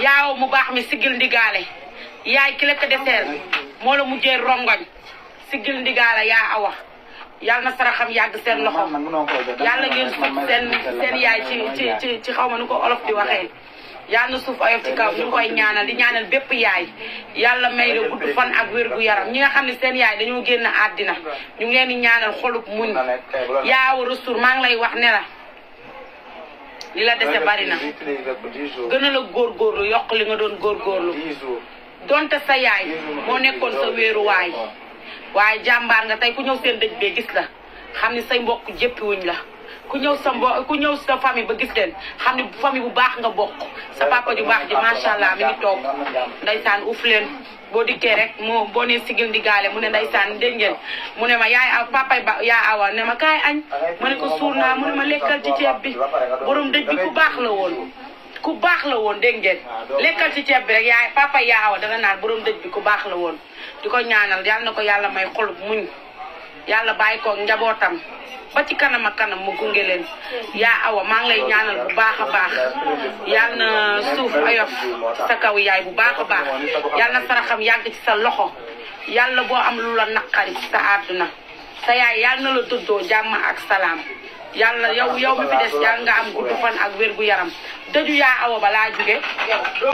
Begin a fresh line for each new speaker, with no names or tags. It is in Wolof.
yaaw mu baax mi sigil ndigaale yaay ki lekk deseer moo la mujjee rongoñ sigil ndigaale yaa awa yàlla na saraxam yàgg seen loxo yàlla ngeen suuf seen seen yaay ci ci ci ci xaw ma nu ko olof di waxee yàlla na suuf oyof ci kaw ñu koy ñaanal di ñaanal bépp yaay yàlla may la gudd fan ak wér gu yaram ñi nga xam ne seen yaay dañoo génn àddina ñu ngi leen di ñaanal xolub muñ yaaw rasul maa ngi lay wax ne la li la dese bari na gën a la góorgóorlu yokk li nga doon góor góorgóorlu donte sa yaay moo nekkoon sa wéeruwaay waaye jàmbaar nga tey ku ñëw seen dëj bee gis la xam ni say mbokk jéppiwuñ la ku ñëw sa mbo ku ñëw sa famille ba gis leen xam ne famille bu baax nga bokk sa papa ju baax ji macha allah mi ngi toog ndaysaan uuf leen boo dikkee rek moo boo nee sigil di gaale mu ne ndaysaan dégg ngeen mu ne ma yaay aw papay ba yaay awa ne ma kaay añ mu ne ko suur naa mu ne ma lekkal ci ceeb bi borom dëj baax la woon ku baax la woon dégg ngeen lekkal ci ceeb bi rek yaay papa yaa awa dana naan borom dëj ku baax la woon di ko ñaanal yàlla na ko yàlla may xol muñ yàlla bàyyi koog njabootam ba ci kanam ak kanam mu gunge leen yaa awa maa ngi lay ñaanal bu baax a baax yal na suuf ayof sa kaw yaay bu baax a baax yal na saraxam yàgg ci sa loxo yal na boo am lu la naqari sa àdduna sa yaay yal na la tuddoo jàmm ak salaam yàlla na yow yow mi nga am gudd fan ak wér gu yaram dëju yaa awa balaa jóge